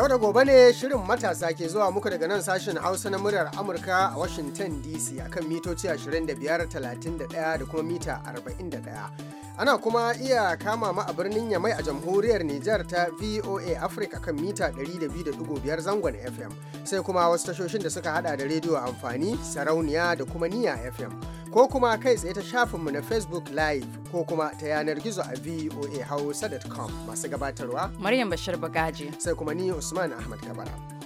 Yau da gobe ne shirin matasa ke zuwa muku daga nan sashen Hausa na muryar Amurka a Washington DC akan mitoci 25, 31 da kuma mita 41. Ana kuma iya kama ma a birnin Yamai a jamhuriyar Nijar ta VOA Africa kan mita 102.5 zangon FM sai kuma wasu tashoshin da suka hada da rediyo amfani, sarauniya da kuma niya FM. Ko kuma kai tsaye ta shafinmu na Facebook Live ko kuma ta yanar gizo a voa voahausa.com masu gabatarwa. Maryam Bashir Bagaji. Sai kuma ni Usman Ahmad Kabara.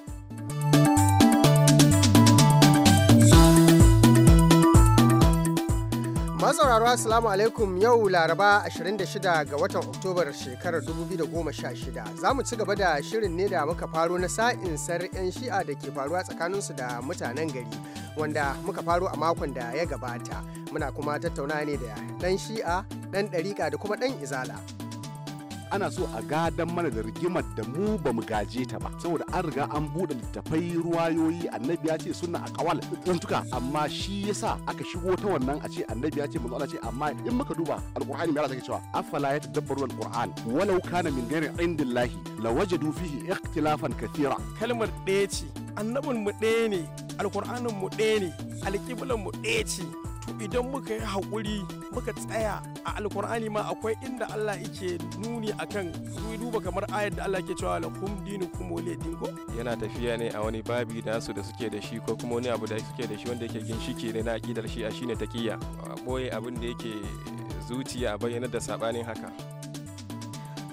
Masauraro Assalamu alaikum yau Laraba 26 ga watan Oktobar shekarar 2016 za mu ci gaba da shirin ne da muka faro na sa'in 'yan shi'a da ke faruwa tsakaninsu da mutanen gari wanda muka faro a makon da ya gabata muna kuma tattauna ne da ɗan shi'a ɗan ɗarika da kuma ɗan izala. ana so a gadan mana da rigimar da mu ba mu gaje ta ba saboda an riga an buɗe littafai ruwayoyi annabi ya ce suna a kawal tuntuka amma shi yasa aka shigo ta wannan a ce annabi ya ce manzo ce amma in muka duba alqur'ani mai Allah cewa afala tadabbaru alqur'an walau kana min ghairi indillahi lawajadu fihi ikhtilafan kathira kalmar ɗaya ce annabin mu ɗaya ne alqur'anin mu ɗaya ne alƙiblan mu ɗaya ce to idan muka yi haƙuri muka tsaya a alkur'ani ma akwai inda Allah yake nuni akan su duba kamar ayar da Allah ke cewa lakum dinukum din ko yana tafiya ne a wani babi nasu da suke da shi ko kuma wani abu da suke da shi wanda yake shike ne na aqidar shi a shine taqiya boye abin da yake zuciya a bayyana da sabanin haka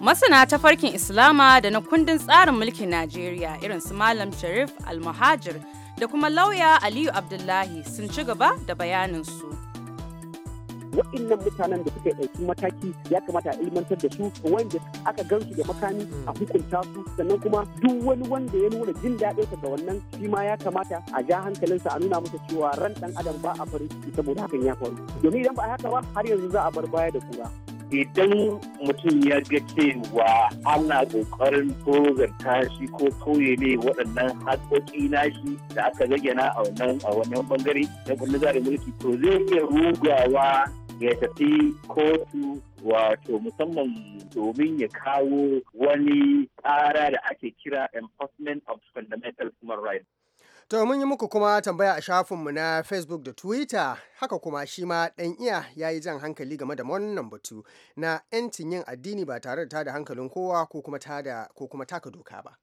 Masana tafarkin Islama da na kundin tsarin mulkin Najeriya irin su Malam Sharif Almuhajir da kuma lauya Aliyu Abdullahi sun ci gaba da bayanin bayaninsu. waɗannan mutanen da suka ɗauki mataki ya kamata a ilmantar da su wanda aka gansu da makami a hukunta su sannan kuma duk wani wanda ya nuna jin daɗin daɗinsa ga wannan shi ma ya kamata a ja hankalinsa a nuna masa cewa ran ɗan adam ba a farin saboda hakan ya faru domin idan ba a haka ba har yanzu za a bar baya da kura. idan mutum ya ga cewa ana kokarin tozarta shi ko koye ne waɗannan haƙoƙi nashi da aka zayyana a wannan a wannan bangare na kundin tsarin mulki to zai iya rugawa ya tafi kotu wato musamman domin ya kawo wani tsara da ake kira enforcement of fundamental human rights To mun yi muku kuma tambaya a shafinmu na Facebook da Twitter, haka kuma shi ma ɗan iya ya yi jan hankali game da wannan batu na 'yancin yin addini ba tare da ta da hankalin kowa ko kuma ta taka doka ba.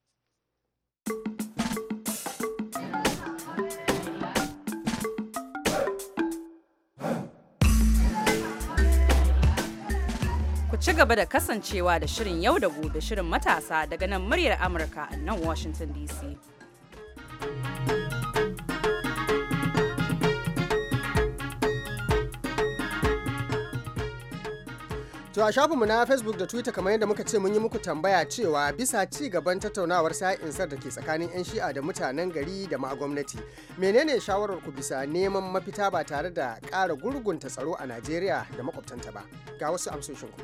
ku ci gaba da kasancewa da shirin yau da gobe shirin matasa daga nan muryar Amurka a nan Washington DC. To a shafinmu na Facebook da Twitter kamar yadda muka ce mun yi muku tambaya cewa bisa ci gaban tattaunawar sa'insar da ke tsakanin 'yan shi'a da mutanen gari da ma gwamnati. Menene shawarar ku bisa neman mafita ba tare da ƙara gurgunta tsaro a Najeriya da makwabtanta ba? Ga wasu amsoshin ku.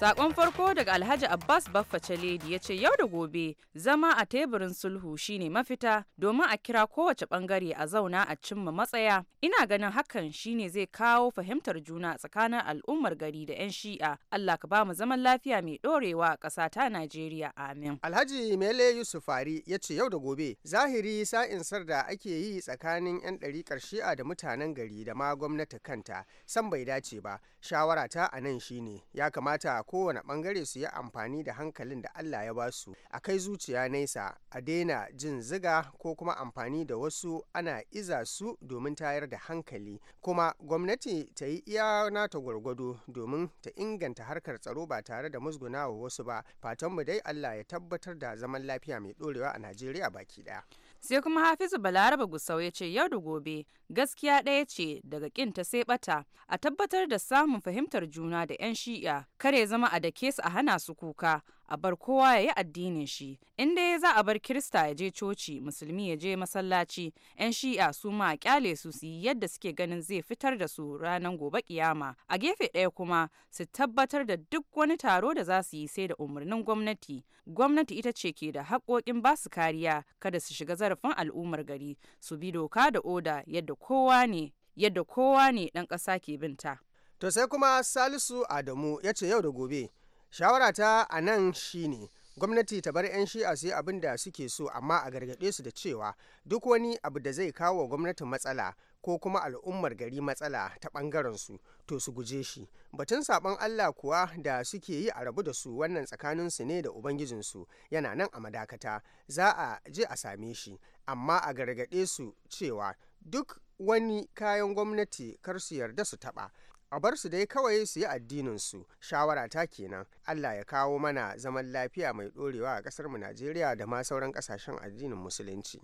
Sakon farko daga Alhaji Abbas Baffa Chaledi ya ce yau da gobe zama a teburin sulhu shine mafita domin a kira kowace bangare a zauna a cimma matsaya. Ina ganin hakan shine zai kawo fahimtar juna tsakanin al'ummar gari da 'yan shi'a. Allah ka ba mu zaman lafiya mai dorewa a ƙasa ta Najeriya. Amin. Alhaji Mele Yusuf Fari ya ce yau da gobe zahiri sa'in sar da ake yi tsakanin 'yan ɗariƙar shi'a da mutanen gari da ma gwamnati kanta san bai dace ba. Shawara ta a nan shine ya kamata kowane bangare su yi amfani da hankalin da Allah ya basu su a kai zuciya nesa a daina jin ziga ko kuma amfani da wasu ana iza su domin tayar da hankali kuma gwamnati ta yi iya nata gwargwado domin ta inganta harkar tsaro ba tare da musgunawa wasu ba fatanmu dai Allah ya tabbatar da zaman lafiya mai dorewa a Najeriya baki daya. sai kuma hafizu balaraba gusau ya ce yau da gobe gaskiya ɗaya ce daga ta sai bata a tabbatar da samun fahimtar juna da 'yan shi'a kare zama a dake su a hana su kuka a bar kowa ya yi addinin shi in dai za a bar kirista ya je coci musulmi ya je masallaci yan shi'a su ma a kyale su su yi yadda suke ganin zai fitar da su ranar gobe kiyama a gefe ɗaya kuma su tabbatar da duk wani taro da za su yi sai da umarnin gwamnati gwamnati ita ce ke da haƙoƙin ba su kariya kada su shiga zarafin al'ummar gari su bi doka da oda yadda kowa ne yadda kowa ne ɗan ƙasa ke binta. To sai kuma Salisu Adamu ya ce yau da gobe shawara ta a nan shine gwamnati ta bar 'yan shi'a su yi abin da suke so amma a gargaɗe su da cewa duk wani abu da zai kawo wa gwamnatin matsala ko kuma al'ummar gari matsala ta ɓangarensu to su guje shi batun saɓon Allah kuwa da suke yi a rabu da su wannan tsakaninsu ne da ubangijinsu yana nan a madakata za a je a same shi amma a gargaɗe su cewa duk wani kayan gwamnati kar su yarda su taɓa a bar su dai kawai su yi addininsu shawara ta kenan allah ya kawo mana zaman lafiya mai ɗorewa a ƙasarmu najeriya da ma sauran ƙasashen addinin musulunci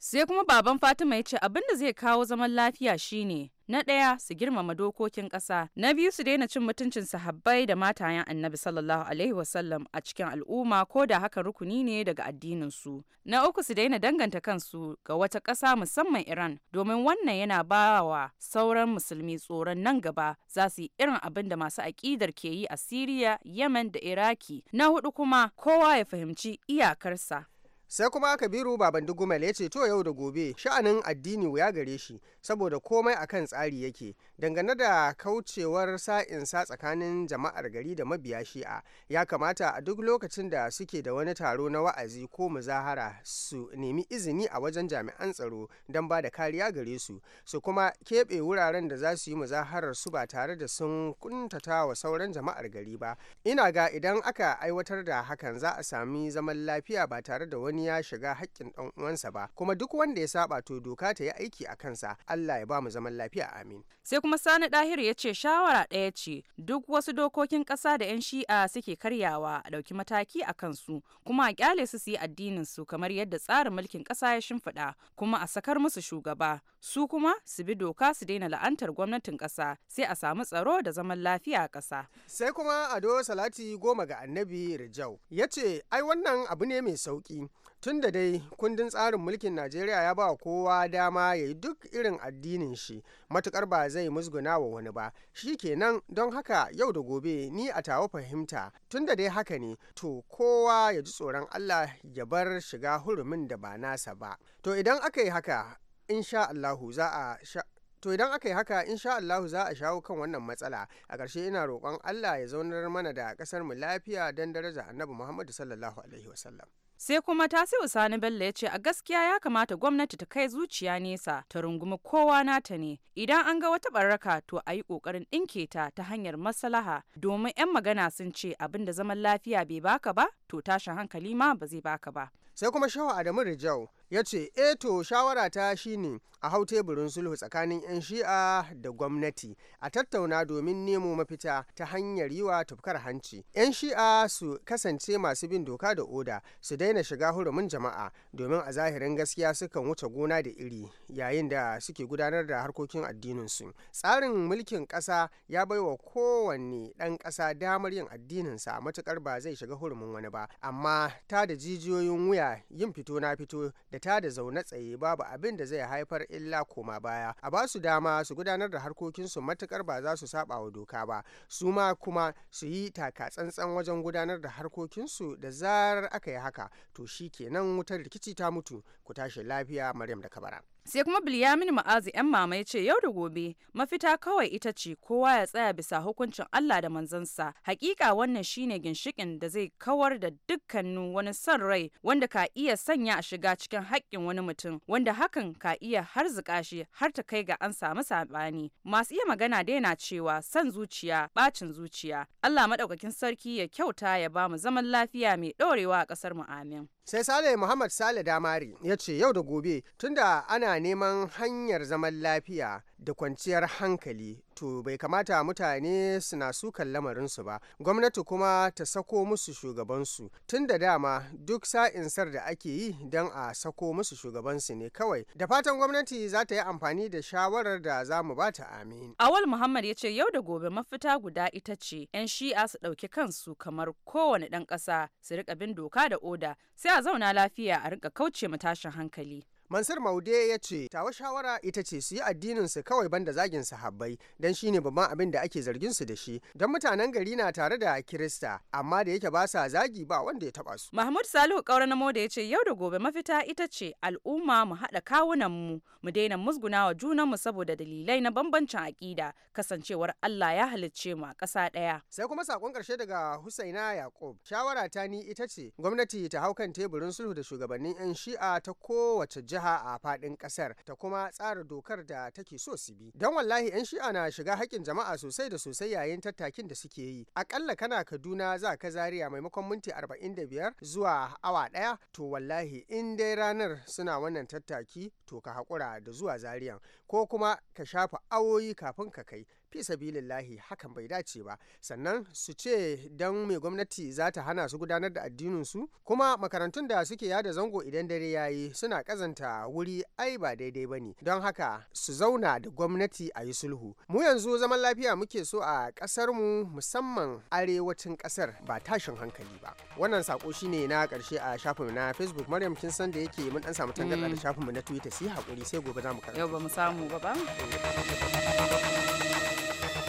sai kuma baban fatima ya ce abin da zai kawo zaman lafiya shine na ɗaya su girmama dokokin ƙasa na biyu su daina cin mutuncin sahabbai da matayen annabi sallallahu alaihi wasallam a cikin al'umma ko da haka rukuni ne daga addinin su na uku su daina danganta kansu ga wata ƙasa musamman iran domin wannan yana ba wa sauran musulmi tsoron nan gaba za su yi irin abin da masu aƙidar ke yi a siriya yemen da iraki na hudu kuma kowa ya fahimci iyakarsa sai kuma kabiru baban dugumal ya ce to yau da gobe sha'anin addini wuya gare shi saboda komai a kan tsari yake dangane da kaucewar sa'insa tsakanin jama'ar gari da mabiya shi'a ya kamata a duk lokacin da suke da wani taro na wa'azi ko muzahara su nemi izini a wajen jami'an tsaro don ba da kariya gare su su kuma keɓe wuraren da za su yi muzaharar su ba tare da sun kuntata wa sauran jama'ar gari ba ina ga idan aka aiwatar da hakan za a sami zaman lafiya ba tare da wani wani ya shiga haƙƙin ɗan uwansa ba kuma duk wanda ya saba to doka ta yi aiki a kansa Allah ya ba mu zaman lafiya amin sai kuma sani dahir ya ce shawara ɗaya ce duk wasu dokokin ƙasa da 'yan shi'a suke karyawa a ɗauki mataki a kansu kuma a ƙyale su su yi addinin su kamar yadda tsarin mulkin ƙasa ya shimfiɗa kuma a sakar musu shugaba su kuma su bi doka su daina la'antar gwamnatin ƙasa sai a samu tsaro da zaman lafiya a ƙasa sai kuma ado salati goma ga annabi rijau ya ce ai wannan abu ne mai sauki tun da dai kundin tsarin mulkin najeriya ya ba kowa dama ya yi duk irin addinin shi matukar ba zai musguna wa wani ba shi kenan don haka yau da gobe ni a tawo fahimta tun da dai haka ne to kowa ya ji tsoron allah ya bar shiga hurumin da ba nasa ba to idan aka yi haka insha allahu za a sha To idan aka yi haka insha Allahu za a shawo kan wannan matsala. A ƙarshe ina roƙon Allah ya zaunar mana da ƙasar mu lafiya don daraja Annabi Muhammadu sallallahu alaihi wasallam. sai kuma ta tasiu sani bello ya ce a gaskiya ya kamata gwamnati ta kai zuciya nesa ta rungumi kowa nata ne idan an ga wata barraka to a yi kokarin ɗinke ta ta hanyar maslaha domin 'yan magana sun ce abin da zaman lafiya bai baka ba to tashin hankali ma ba zai baka ba sai kuma shawa adamu rijau ya ce eto eh shawara ta shine a hau teburin sulhu tsakanin 'yan shi'a da gwamnati a tattauna domin nemo mafita ta hanyar yiwa tufkar hanci 'yan shi'a su kasance masu bin doka da oda su daina shiga hurumin jama'a domin a zahirin gaskiya sukan wuce gona da iri yayin da suke gudanar da harkokin addininsu tsarin mulkin ƙasa ya bai wa kowanne ɗan ƙasa damar yin addininsa matukar ba zai shiga hurumin wani ba amma ta da jijiyoyin wuya yin fito na fito da da zaune tsaye babu abin da zai haifar illa koma baya a ba su dama su gudanar da harkokinsu matukar ba za su saba wa doka ba su ma kuma su yi taka tsantsan wajen gudanar da harkokinsu da zarar aka yi haka to shi kenan wutar rikici ta mutu ku tashi lafiya maryam da kabara sai kuma biliyamin ma'azi yan mama ya ce yau da gobe mafita kawai ita ce kowa ya tsaya bisa hukuncin allah da manzansa hakika wannan shine ginshikin da zai kawar da dukkanin wani son rai wanda ka iya sanya a shiga cikin haƙƙin wani mutum wanda hakan ka iya harzika shi har ta kai ga an samu saɓani masu iya magana dai na cewa son zuciya bacin zuciya allah maɗaukakin sarki ya kyauta ya ba mu zaman lafiya mai ɗorewa a ƙasar mu amin sai sale muhammad sale damari ya ce yau da gobe tunda ana neman hanyar zaman lafiya da kwanciyar hankali to bai kamata mutane suna sukan lamarinsu ba gwamnati kuma ta sako musu shugabansu tun da dama duk sa'insar da ake yi don a sako musu shugabansu ne kawai da fatan gwamnati za ta yi amfani da shawarar da za mu ba ta amin awal muhammad ya ce yau da gobe mafita guda ita ce 'yan shi'a su ɗauki kansu kamar kowane ɗan ƙasa su riƙa bin doka da oda sai a zauna lafiya a riƙa kauce mu tashin hankali Mansur Maude ya ce, tawa shawara ita ce su yi addininsu kawai banda zagin sahabbai, don shi ne babban abin da ake zargin su da shi, don mutanen gari na tare da Kirista, amma da yake ba sa zagi ba wanda ya taba su. Mahmud Salihu Kaura na Maude ya ce, yau da gobe mafita ita ce al'umma mu haɗa kawunan mu, mu daina musguna musgunawa junanmu saboda dalilai na bambancin aƙida, kasancewar Allah ya halicce mu a ƙasa ɗaya. Sai kuma sakon ƙarshe daga Husaina Yaqub shawara ta ni ita ce, gwamnati ta hau kan teburin sulhu da shugabannin 'yan shi'a ta kowace jiha jiha a fadin kasar ta kuma tsara dokar da take so su bi don wallahi 'yan shi'a na shiga haƙƙin jama'a sosai da sosai yayin tattakin da suke yi aƙalla kana kaduna za ka zariya maimakon minti 45 zuwa awa ɗaya to wallahi in dai ranar suna wannan tattaki to ka haƙura da zuwa zariyan ko kuma ka shafa awoyi kafin ka kai fi sabilillahi hakan bai dace ba sannan su ce don mai gwamnati za ta hana su gudanar da addinin su kuma makarantun da suke yada zango idan dare yayi suna kazanta wuri ai ba daidai ba ne don haka su zauna da gwamnati a yi sulhu mu yanzu zaman lafiya muke so a kasar mu musamman arewacin kasar ba tashin hankali ba wannan sako shine na karshe a shafin na facebook maryam kin san da yake mun dan samu tangarda da mm. shafin mu na twitter sai hakuri sai gobe za mu karanta yau ba mu samu ba ba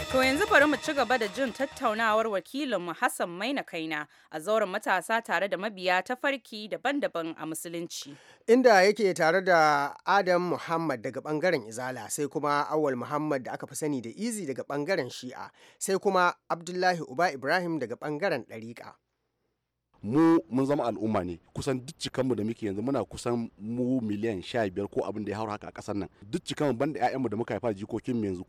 To yanzu bari mu ci gaba da jin tattaunawar wakilinmu Hassan Maina Kaina a zauren matasa tare da mabiya ta farki daban-daban a musulunci. Inda yake tare da Adam Muhammad daga bangaren Izala sai kuma Awal Muhammad da aka fi sani da Izi daga bangaren Shi'a sai kuma Abdullahi Uba Ibrahim daga bangaren dariƙa. mu mun zama al'umma ne kusan duk cikanmu da muke yanzu muna kusan mu miliyan sha biyar ko abin da ya haura haka a ƙasar nan duk cikanmu banda ƴaƴanmu da muka haifa jikokin mu yanzu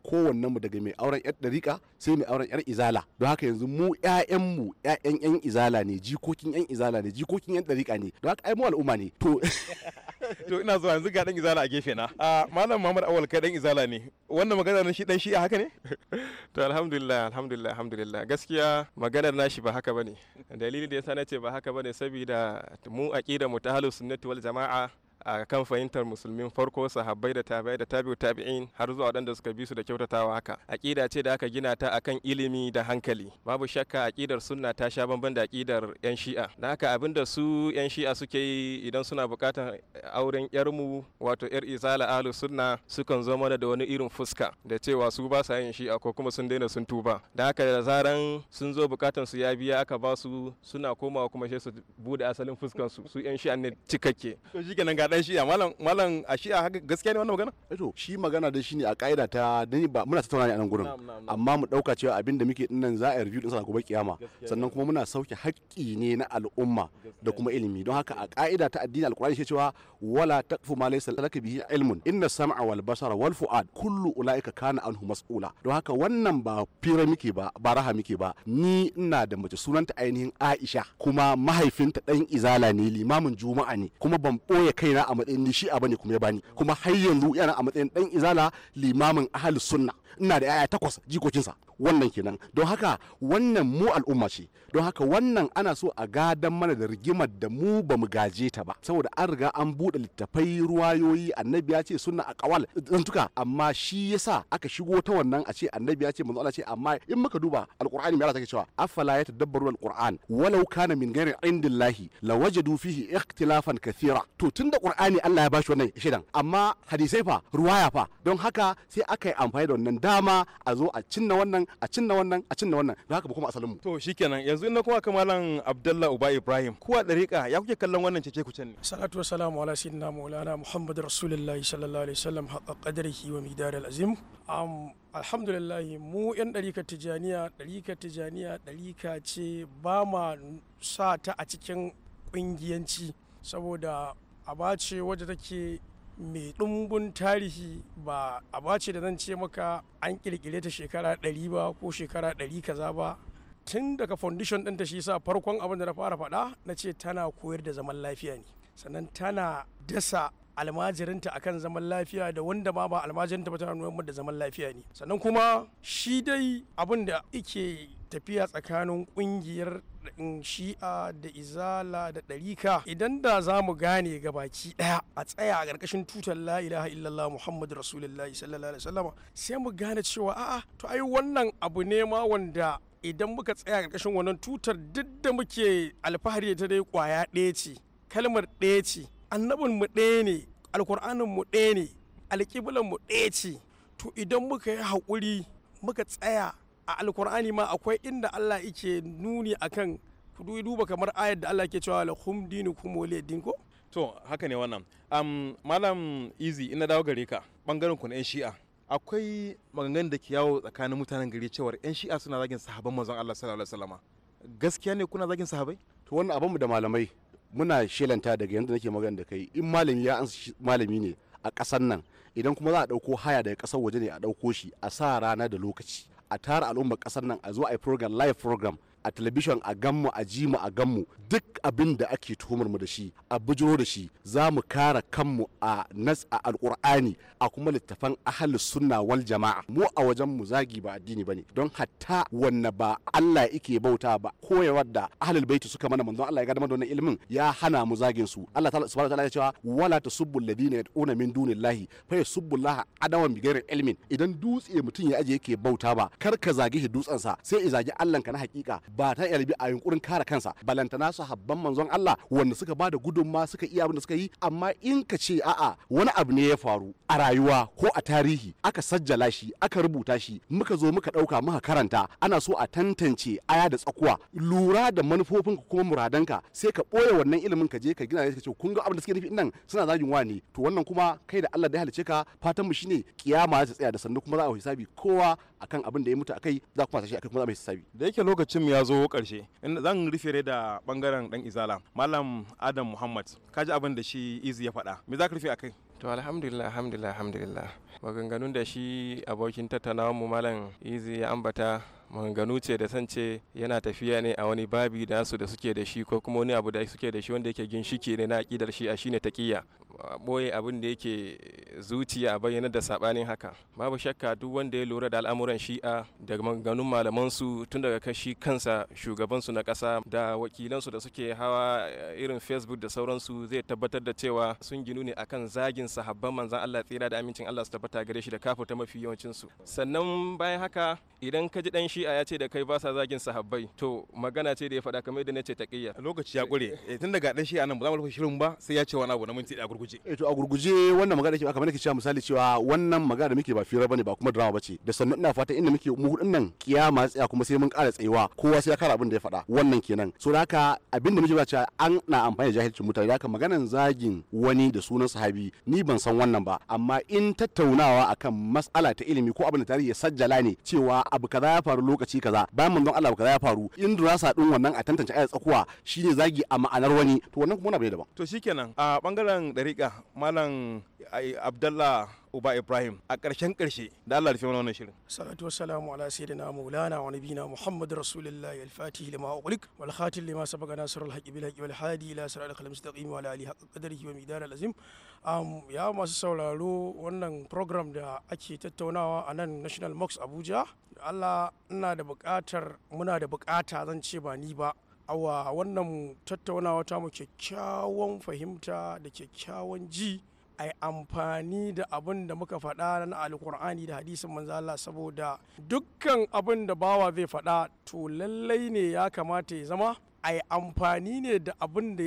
mu daga mai auren yar dariƙa sai mai auren yar izala don haka yanzu mu ƴaƴanmu ƴaƴan ƴan izala ne jikokin ƴan izala ne jikokin yan dariƙa ne don haka ai mu al'umma ne to to ina zuwa yanzu ga dan izala a gefe na A malam Muhammad Awal kai dan izala ne wannan maganar shi dan shi haka ne to alhamdulillah alhamdulillah alhamdulillah gaskiya maganar nashi ba haka bane dalili da yasa nace ba haka bane saboda mu aqida mu ta halu sunnati wal jama'a a kan fahimtar musulmin farko sahabbai da tabi'ai da tabi'u tabi'in har zuwa waɗanda suka bi su da kyautatawa haka aƙida ce da aka gina ta akan ilimi da hankali babu shakka aƙidar sunna ta sha bamban da aƙidar yan shi'a da haka abin da su yan shi'a suke yi idan suna buƙatar auren mu wato yar izala ahlus sunna sukan zo mana da wani irin fuska da cewa su ba sa yin shi'a ko kuma sun daina sun tuba da haka da zaran sun zo buƙatar su ya biya aka ba su suna komawa kuma sai su bude asalin fuskan su su yan shi'a ne cikakke to shi kenan dan shi'a malam malam a shi'a haka gaskiya ne wannan magana eh to shi magana da shi ne a kaida ta dani ba muna tattauna ne a nan gurin amma mu dauka cewa abin da muke dinnan za a review din sa gobe kiyama sannan kuma muna sauke haƙƙi ne na al'umma da kuma ilimi don haka a kaida ta addini alqur'ani shi cewa wala taqfu ma laysa lak bihi ilmun inna sam'a wal basara wal fu'ad kullu ulaika kana anhu mas'ula don haka wannan ba fira muke ba ba raha muke ba ni ina da mace sunanta ainihin Aisha kuma mahaifinta dan izala ne limamin juma'a ne kuma ban boye kaina a matsayin ni shi'a bane kuma ya bani kuma har yanzu yana a matsayin dan izala limamin ahlus sunna ina da 'ya'ya takwas jikokinsa wannan kenan don haka wannan mu al'umma ce don haka wannan ana so a gadan mana da rigimar da mu ba mu gaje ta ba saboda an riga an buɗe littafai ruwayoyi annabi ya ce Suna a kawal zantuka amma shi yasa aka shigo ta wannan a ce annabi ya ce manzo Allah ce amma in muka duba alqur'ani mai Allah take cewa afala ya tadabbaru alqur'an walau kana min ghairi indillahi lawajadu fihi ikhtilafan kathira to tunda qur'ani Allah ya bashi wannan shidan amma hadisai fa ruwaya fa don haka sai aka yi amfani da wannan dama a zo a cinna wannan a cinna wannan a cinna wannan da haka ba kuma asalin mu to shikenan yanzu ina kuma kamalan malam Abdullah Uba Ibrahim kuwa dariƙa ya kuke kallon wannan cece ku ne salatu wassalamu ala sayyidina maulana Muhammad rasulullahi sallallahu alaihi wasallam haqqa qadrihi wa miqdaril azim am alhamdulillah mu yan ɗarikar tijaniya ɗarikar tijaniya dariƙa ce ba ma sa ta a cikin ƙungiyanci saboda a ce wadda take mai ɗumbun tarihi ba a bace da zan ce maka an ƙirƙire ta shekara ɗari ba ko shekara ɗari kaza ba tun daga foundation ta shi sa farkon abin da na fara faɗa na ce tana koyar da zaman lafiya ne sannan tana dasa almajirinta akan zaman lafiya da wanda ma ba almajirinta ba tana nuna da zaman lafiya ne sannan kuma shi dai abin da ike tafiya tsakanin kungiyar shi'a da izala da ɗarika idan da za mu gane ga baki ɗaya a tsaya a ƙarƙashin tutar la ilaha illallah muhammadu rasulullahi sallallahu alaihi wasallam sai mu gane cewa a'a to ai wannan abu ne ma wanda idan muka tsaya a ƙarƙashin wannan tutar duk da muke alfahari ta dai kwaya ɗaya ce kalmar ɗaya ce annabin mu ɗaya ne alkur'anin mu ɗaya ne alƙiblan mu ɗaya ce to idan muka yi haƙuri muka tsaya a alkur'ani ma akwai inda Allah yake nuni akan ku duba kamar ayar da Allah ke cewa lahum dinukum waliyadin ko to haka ne wannan um, malam easy ina dawo gare ka bangaren ku na yan shi'a akwai maganganu da ke yawo tsakanin mutanen gari cewar yan shi'a suna zagin sahabban manzon Allah sallallahu alaihi wasallam gaskiya ne kuna zagin sahabai to wannan abin mu da malamai muna shelanta daga yanda nake magana da kai in malami ya ansa malami ne a ƙasar nan idan kuma za a ɗauko haya daga ƙasar waje ne a ɗauko shi a sa rana da lokaci a tara al'ummar kasar nan a zo a yi program live program a talabishin a ganmu a ji mu a ganmu duk abin da ake tuhumar mu da shi a bujiro da shi za mu kara kanmu a nas a alkur'ani a kuma littafan ahal sunna wal jama'a mu a wajen mu zagi ba addini bane don hatta wanne ba Allah yake bauta ba koyarwar da ahlul baiti suka mana manzon Allah ya ga da wannan ilimin ya hana mu zagin su Allah subhanahu wa ta'ala ya cewa wala tusubbu alladhina yad'una min dunillahi fa subullaha Allah bi ghairi ilmin idan dutse mutum ya aje yake bauta ba kar ka zagi dutsen sa sai i zagi Allah ka na hakika ba ta yalbi a yunkurin kare kansa balantana su habban manzon Allah wanda suka ba da gudunma suka iya abin da suka yi amma in ka ce a'a wani abu ne ya faru a rayuwa ko a tarihi aka sajjala shi aka rubuta shi muka zo muka dauka muka karanta ana so a tantance aya da tsakuwa lura da manufofin ka kuma muradanka sai ka boye wannan ilimin ka je ka gina ka ce kun ga abin da suke nufi nan suna zagin wani to wannan kuma kai da Allah da halice ka fatan mu shine kiyama ta tsaya da sannu kuma za a hisabi kowa akan abin da ya mutu akai za kuma shi akai kuma za mu da yake lokacin ya zo karshe in zan rufe da bangaren dan izala malam adam muhammad ka ji abin da shi izi ya faɗa me za ka rufe akai to alhamdulillah alhamdulillah alhamdulillah maganganun da shi abokin tattaunawa mu malam izi ya ambata maganganu ce da san ce yana tafiya ne a wani babi da su da suke da shi ko kuma wani abu da suke da shi wanda yake ginshiki ne na akidar shi a shine taqiyya ɓoye abin da yake zuciya bayyana da saɓanin haka babu shakka duk wanda ya lura da al'amuran shi'a da maganganun malamansu tun daga kashi kansa shugabansu na ƙasa da wakilansu da suke hawa eh, irin facebook da sauransu zai tabbatar da cewa sun ginu ne akan zagin sahabban manzan allah tsira da amincin allah su tabbata gare shi da kafuta mafi yawancinsu sannan bayan haka idan ka ji dan shi'a ya ce da kai ba sa zagin sahabbai to magana ce da ya faɗa kamar yadda na ce taƙiyya lokaci ya ƙure eh, tun daga dan shi'a nan ba za mu rufe shirin ba sai ya ce wani abu na minti da gurguje gurguje eh to a gurguje wannan magana ke kamar nake cewa misali cewa wannan magana da muke ba fira bane ba kuma drama bace da sannan ina fata inda muke mu hudun nan kiyama tsaya kuma sai mun ƙara tsayuwa kowa sai ya kara abin da ya faɗa wannan kenan so haka abin da muke ba cewa an na amfani da jahilcin mutane da haka maganan zagin wani da sunan sahabi ni ban san wannan ba amma in tattaunawa akan mas'ala ta ilimi ko abin da tarihi ya sajjala ne cewa abu kaza ya faru lokaci kaza bayan manzon Allah abu kaza ya faru in durasa din wannan a tantance ayat tsakuwa shine zagi a ma'anar wani to wannan kuma wani abu ne daban to shikenan a bangaren dariƙa hakika malam eh, abdalla uba ibrahim a ƙarshen ƙarshe da allah rufe wannan shirin salatu wassalamu ala sayyidina maulana wa bina muhammad rasulullahi al-fatih lima ukulik wal khatim lima sabaqa nasr al-haqi bil haqi wal hadi ila sirat al-qalam mustaqim wa ali haqq wa midar al-azim ya masu sauraro wannan program da ake tattaunawa a nan national mosque abuja allah ina da buƙatar muna da buƙata zan ce ba ni ba awa wannan tattaunawa ta mu kyakkyawan fahimta da kyakkyawan ji a yi amfani da abin da muka faɗa na alkur'ani da hadisin manzo Allah saboda dukkan abin da bawa zai faɗa to lallai ne ya kamata ya zama a yi amfani ne da abin da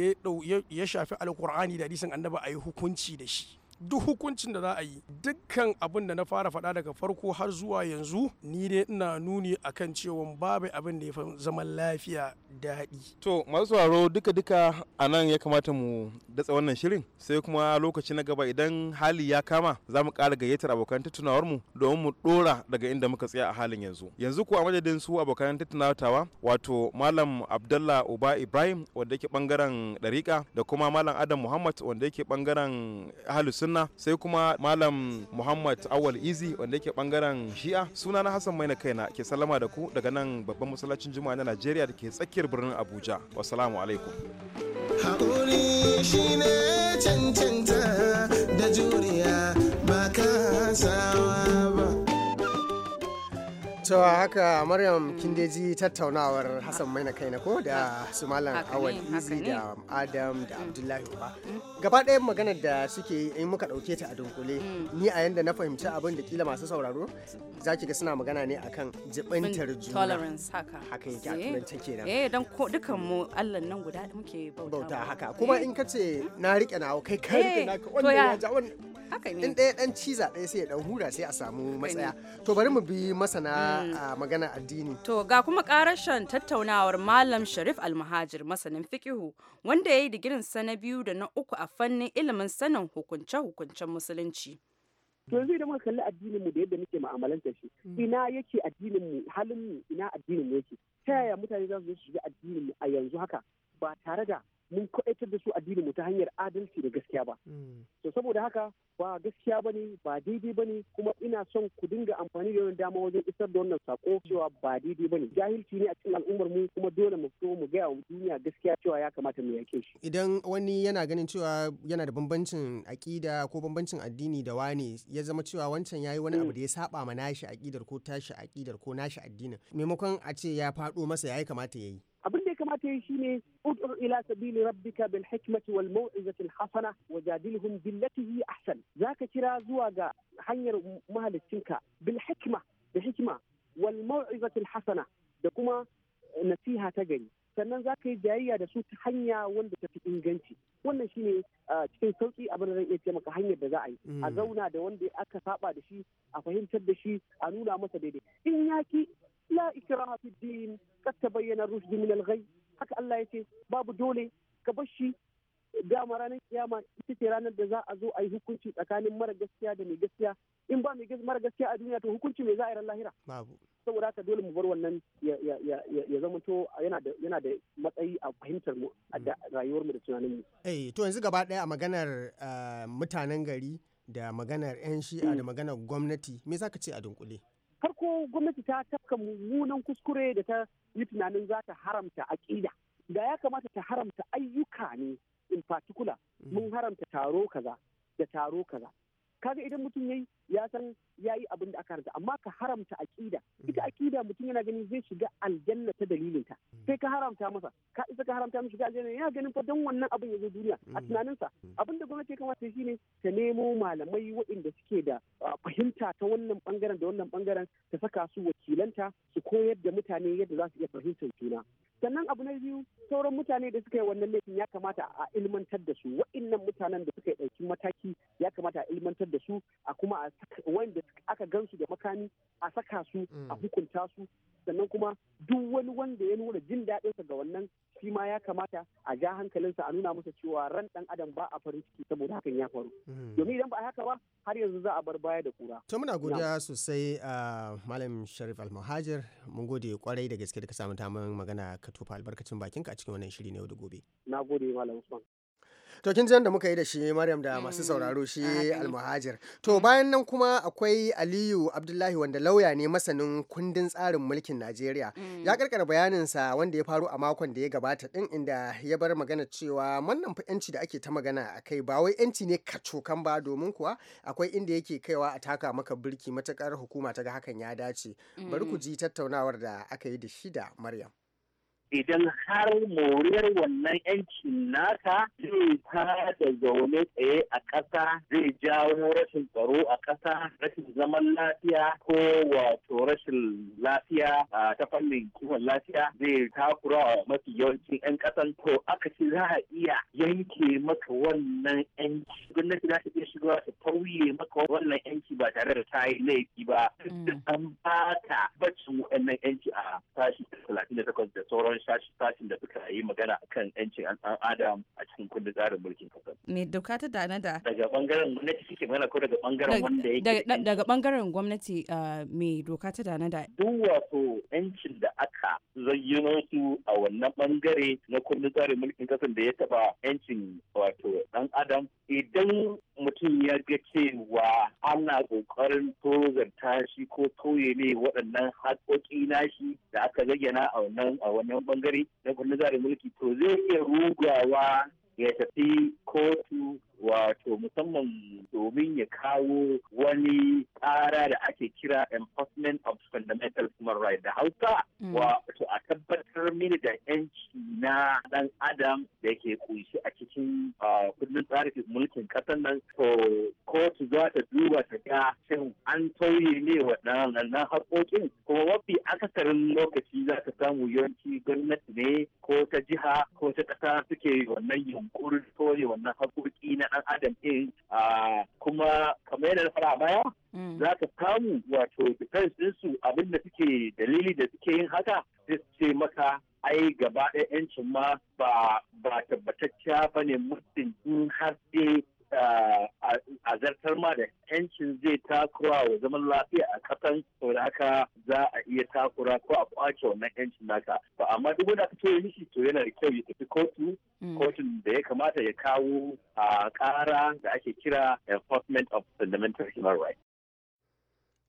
ya shafi alkur'ani da hadisin annaba a yi hukunci da shi duk hukuncin da za a yi dukkan abin da na fara faɗa daga farko har zuwa yanzu ni dai ina nuni akan cewa babu abin da ya zaman lafiya daɗi. To masu sauraro duka-duka a nan ya kamata mu datsa wannan shirin sai kuma lokaci na gaba idan hali ya kama za mu ƙara gayyatar abokan tattunawar mu domin mu ɗora daga inda muka tsaya a halin yanzu. Yanzu ko a madadin su abokan tattunawa wato Malam Abdallah Uba Ibrahim wanda yake bangaren ɗarika da kuma Malam Adam Muhammad wanda yake bangaren Ahlus sunna sai kuma malam muhammad awal izi wanda yake bangaren shi'a suna na hassan mai na kaina ke salama da ku daga nan babban masallacin juma'a na najeriya da ke tsakiyar birnin abuja wasalamu alaikum haƙuri shine cancanta da juriya ba kasawa ba to haka maryam kindeji tattaunawar hassan maina kaina ko da su malam awal izi da adam da mm. abdullahi ba mm. gaba ɗaya maganar da suke yi in muka ɗauke ta a dunkule mm. ni a yanda na fahimci abin da kila masu sauraro zaki ga suna magana ne akan jibintar juna tolerance haka haka yake eh. a kenan eh dan mu allan nan guda muke bauta haka kuma eh. in kace hmm? na rike nawo kai ka rike eh, naka wanda ya ja wannan in ɗaya ɗan ciza ɗaya sai ya ɗan hura sai a samu matsaya to bari mu bi masana mm. a magana addini to ga kuma shan tattaunawar malam sharif almahajir masanin fikihu wanda ya yi digirin sa na biyu da na uku a fannin ilimin sanin hukunce-hukuncen musulunci to yanzu idan muka kalli addinin mu da yadda muke mu'amalanta shi mm. ina yake addinin mu halin mu ina addinin mu yake ta yaya mutane za su shiga addinin mu a yanzu haka ba tare da mun kwa'itar da su addinin mu ta hanyar adalci da gaskiya ba to hmm. saboda haka ba gaskiya bane ba daidai bane kuma ina son ku dinga amfani da wannan dama wajen isar da wannan sako cewa ba daidai bane jahilci ne a cikin al'ummar mu kuma dole mu fito mu gaya wa duniya gaskiya cewa ya kamata mu yake shi idan wani yana ganin cewa yana da bambancin aƙida ko bambancin addini da wani ya zama cewa wancan yayi wani abu da ya saba ma nashi aƙidar ko tashi aƙidar ko nashi addinin maimakon a ce ya faɗo masa ya kamata ya yi abin ta yi shine ud'u ila sabili rabbika bil hikmati wal mau'izati al hasana wajadilhum billati hi ahsan zaka kira zuwa ga hanyar mahaliccinka bil hikma da hikma wal mau'izati al hasana da kuma nasiha ta gari sannan za ka yi jayayya da su ta hanya wanda ta fi inganci wannan shine cikin sauki abin da zan iya taimaka hanyar da za a yi a zauna da wanda aka saba da shi a fahimtar da shi a nuna masa daidai in yaki la ikraha fi din qad tabayyana rushd min al haka Allah ya ce babu dole ka bar shi dama ranar kiyama ita ce ranar da za a zo a yi hukunci tsakanin mara gaskiya da mai gaskiya in ba mai mara gaskiya a duniya to hukunci mai za a yi lahira saboda haka dole mu bar wannan ya zama to yana da matsayi a fahimtar mu a hmm. rayuwar mu da tunanin mu eh to yanzu gaba ɗaya a maganar eh, mutanen gari da maganar yan shi'a da hmm. maganar gwamnati me za ka ce a dunkule farko gwamnati ta tafka mummunan kuskure da ta yi tunanin za ta haramta aƙida da ya kamata ta haramta ayyuka ne in particular mun mm. haramta taro kaza da taro kaza kaga idan mutum yayi ya san yayi abin da aka harza amma ka haramta aqida hmm. ita aƙida mutum yana ganin zai shiga aljanna ta dalilin ta hmm. sai ka haramta masa ka isa ka haramta masa shiga aljanna yana ganin fa don wannan abin ya zo duniya a hmm. tunanin sa abin da gwamnati ya kamata shi ne ta nemo malamai waɗanda suke da fahimta ta wannan bangaren da wannan bangaren ta saka su wakilanta su koyar da mutane yadda za su iya fahimtar juna sannan abu na biyu sauran mutane da suka yi wannan laifin ya kamata a ilmantar da su wa'innan mutanen da suka ɗauki mataki su a mm. hukunta su sannan kuma duk wani wanda ya nuna jin daɗinsa ga wannan shi ma ya kamata a ja hankalinsa a nuna masa cewa ran ɗan adam ba a farin ciki saboda hakan ya faru mm. domin idan ba a haka ba har yanzu za a bar baya da kura to muna godiya sosai a malam sharif almuhajir mun gode kwarai da gaske da ka samu damar magana ka tofa albarkacin bakinka a cikin wannan shiri na yau da gobe na gode malam usman to kin da muka yi da shi Maryam da masu mm, sauraro shi almuhajir to mm. bayan nan kuma akwai Aliyu Abdullahi wanda lauya ne masanin kundin tsarin mulkin Najeriya mm. ya karkara bayanin sa wanda ya faru a makon da ya gabata din inda ya bar magana cewa wannan fa yanci da ake ta magana akai ba wai yanci ne kacokan ba domin kuwa akwai inda yake kaiwa a taka maka birki matakar hukuma ta ga hakan ya dace bari ku ji tattaunawar da aka yi da shi da Maryam idan har moriyar wannan yankin naka zai ta da zaune tsaye a ƙasa zai jawo rashin tsaro a ƙasa rashin zaman lafiya ko wato rashin lafiya a ta fannin kiwon lafiya zai takura wa mafi yawancin 'yan ƙasan to aka ce za a iya yanke maka wannan yanki gwamnati za ta iya shigowa ta tauye maka wannan yanci ba tare da ta yi laifi ba mm. an ba ta bacin wannan yanci a sashi takwas da sauran sashi sashin da suka yi magana kan yancin ɗan adam a cikin kundi tsarin mulkin kasar. Me doka ta dana da? Daga bangaren gwamnati suke magana ko daga bangaren wanda yake. Daga bangaren gwamnati uh, me doka ta dana da? Duk wato yancin da aka zayyano su a wannan bangare na kundin tsarin mulkin kasar da ya taba yancin wato dan adam idan mutum ya ga cewa ana kokarin tozarta shi ko tauye ne waɗannan haƙoƙi nashi da aka zayyana a wannan bangare na tsarin mulki to zai iya rugawa ya tafi kotu wato musamman domin ya kawo wani tsara da ake kira enforcement of fundamental human rights da hausa mm. wato a tabbatar mini da yanci na dan adam da ke kunshi a cikin kundin tsarin mulkin kasar nan to kotu za ta duba ta ga shin an tauye ne waɗannan haƙoƙin kuma mafi akasarin lokaci za ta samu yawanci gwamnati ne ko ta jiha ko ta ƙasa suke wannan yunkurin tauye wannan haƙoƙi na dan adam a kuma kamar yadda na fara baya mm. za ka samu wato defense ɗinsu abin da suke dalili da suke yin haka sai su ce maka ai gaba ɗaya 'yancin ma ba tabbatacciya ba ne mutum in har sai a zartar ma da yancin zai takura wa zaman lafiya a kasan saboda haka za a iya takura ko a kwace wannan yancin naka to amma duk wanda aka yi mishi to yana da kyau ya tafi kotu mm. kotun da ya kamata ya kawo a kara da ake kira enforcement of fundamental human rights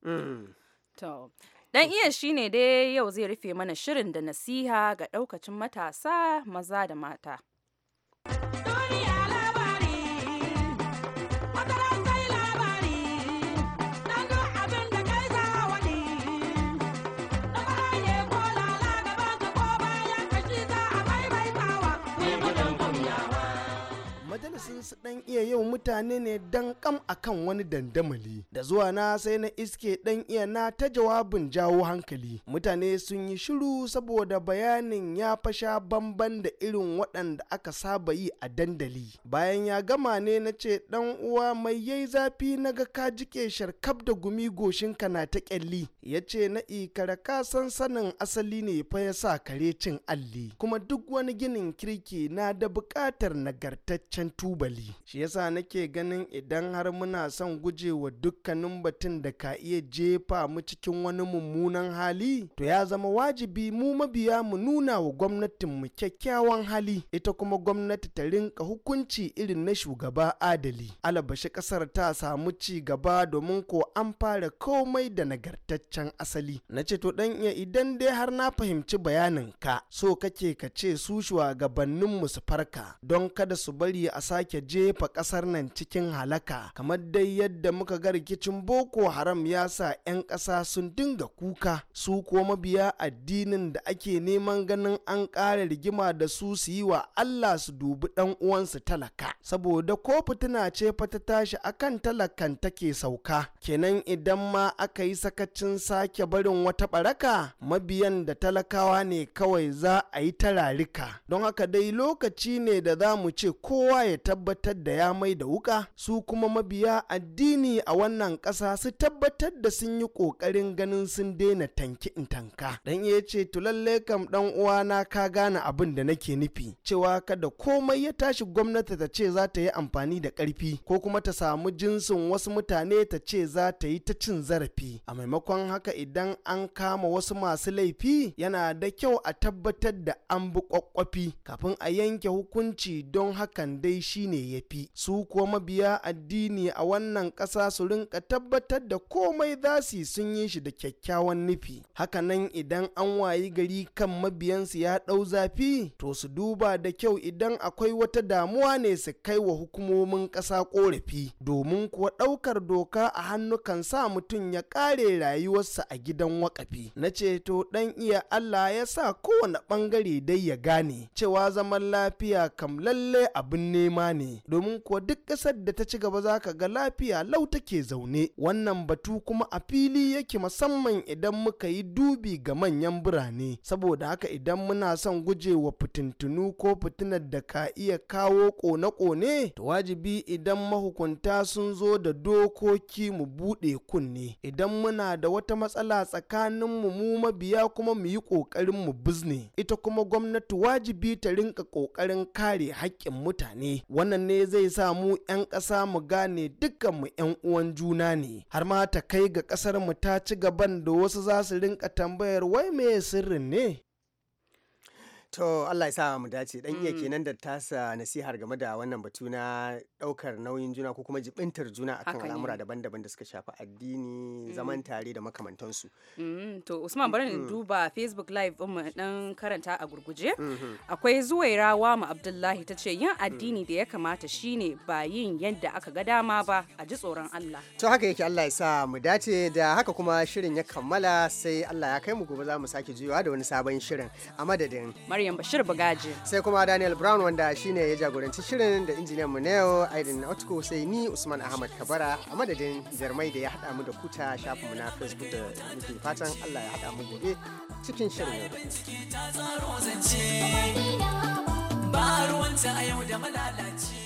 mm. to Dan iya shi ne dai yau zai rufe mana shirin da nasiha ga ɗaukacin matasa maza da mata. sun su dan iya yau mutane ne dan kam akan wani dandamali da zuwa na sai na iske ɗan iya na ta jawabin jawo hankali mutane sun yi shiru saboda bayanin ya fasha bamban da irin waɗanda aka saba yi a dandali bayan ya gama ne na ce dan uwa mai yayi zafi na ga ka jike sharkab da gumi goshin ka na ta ƙyalli. ya ce na ikara ka san sanin asali ne fa ya sa kare cin alli kuma duk wani ginin kirki na da buƙatar nagartaccen tu kalubali shi yasa nake ganin idan har muna son gujewa dukkanin batun da ka iya jefa mu cikin wani mummunan hali to ya zama wajibi mu mabiya mu nuna wa gwamnatin mu kyakkyawan hali ita kuma gwamnati ta rinka hukunci irin na shugaba adali alabashi kasar ta samu ci gaba domin ko an fara komai da nagartaccen asali na ce to dan iya idan dai har na fahimci bayanin ka so kake ka ce su shugabannin mu su farka don kada su bari a sake jefa kasar nan cikin halaka kamar dai yadda muka ga rikicin boko haram ya sa 'yan ƙasa sun dinga kuka su ko mabiya addinin da ake neman ganin an ƙara rigima da su su yi wa allah su dubi dan uwansu talaka saboda ko fitina ce fa ta tashi akan talakan take sauka kenan idan ma aka yi sakacin sake barin wata baraka mabiyan da talakawa ne kawai za a yi tararika don haka dai lokaci ne da za mu ce kowa ya tabbatar da ya mai da wuka su kuma mabiya addini a wannan ƙasa su tabbatar da sun yi ƙoƙarin ganin sun daina tanki in tanka dan iya ce to lalle kam dan uwana ka gane abin da nake nufi cewa kada komai ya tashi gwamnati ta ce za ta yi amfani da ƙarfi ko kuma ta samu jinsin wasu mutane ta ce za ta yi ta cin zarafi a maimakon haka idan an kama wasu masu laifi yana da kyau a tabbatar da an bi kwakwafi kafin a yanke hukunci don hakan dai shine ya fi su kuwa mabiya addini a wannan ƙasa su rinka tabbatar da komai za su sun yi shi da kyakkyawan nufi hakanan idan an wayi gari kan mabiyansu ya ɗau zafi to su duba da kyau idan akwai wata damuwa ne su kai wa hukumomin ƙasa ƙorafi domin kuwa ɗaukar doka a hannu kan sa mutum ya ƙare rayuwarsa a gidan wakafi na ce to ɗan iya Allah ya sa kowane ɓangare dai ya gane cewa zaman lafiya kam lalle abin nema girma ne domin kuwa duk ƙasar da ta ci gaba za ka ga lafiya lau take zaune wannan batu kuma a fili yake musamman idan muka yi dubi ga manyan birane saboda haka idan muna son gujewa fitintunu ko fitinar da ka iya kawo kone-kone to wajibi idan mahukunta sun zo da dokoki mu buɗe kunne idan muna da wata matsala tsakanin mu mu mabiya kuma mu yi ƙoƙarin mu bizne ita kuma gwamnati wajibi ta rinka ƙoƙarin kare haƙƙin mutane wannan ne zai sa mu 'yan ƙasa mu gane dukkan mu 'yan uwan juna ne har ma ta kai ga ƙasar mu ta ci gaban da wasu za su rinka tambayar wai me sirrin ne To Allah ya sa mu dace dan iya mm. kenan da tasa nasihar game da wannan batu na daukar nauyin juna ko kuma jibintar juna akan al'amura daban-daban da suka shafi addini mm. zaman tare da makamantansu. Mm, to Usman bari in duba Facebook live din mu dan karanta a gurguje. Mm-hmm. Akwai Zuwaira mu Abdullahi ta ce yin addini da ya kamata shine ba yin yadda aka ga dama ba a ji tsoron Allah. To haka yake Allah ya sa mu dace da haka kuma shirin ya kammala sai Allah ya kai mu gobe za mu sake juyawa da wani sabon shirin a madadin. Maryam Bashir Bugaji. Sai kuma Daniel Brown wanda shi ne ya jagoranci shirin da injiniyan mu Neo Aidin Otko sai ni Usman Ahmad Kabara a madadin Jarmai da ya hada mu da kuta shafin mu na Facebook da muke fatan Allah ya hada mu gobe cikin shirin. Ba ruwanta a yau da malalaci.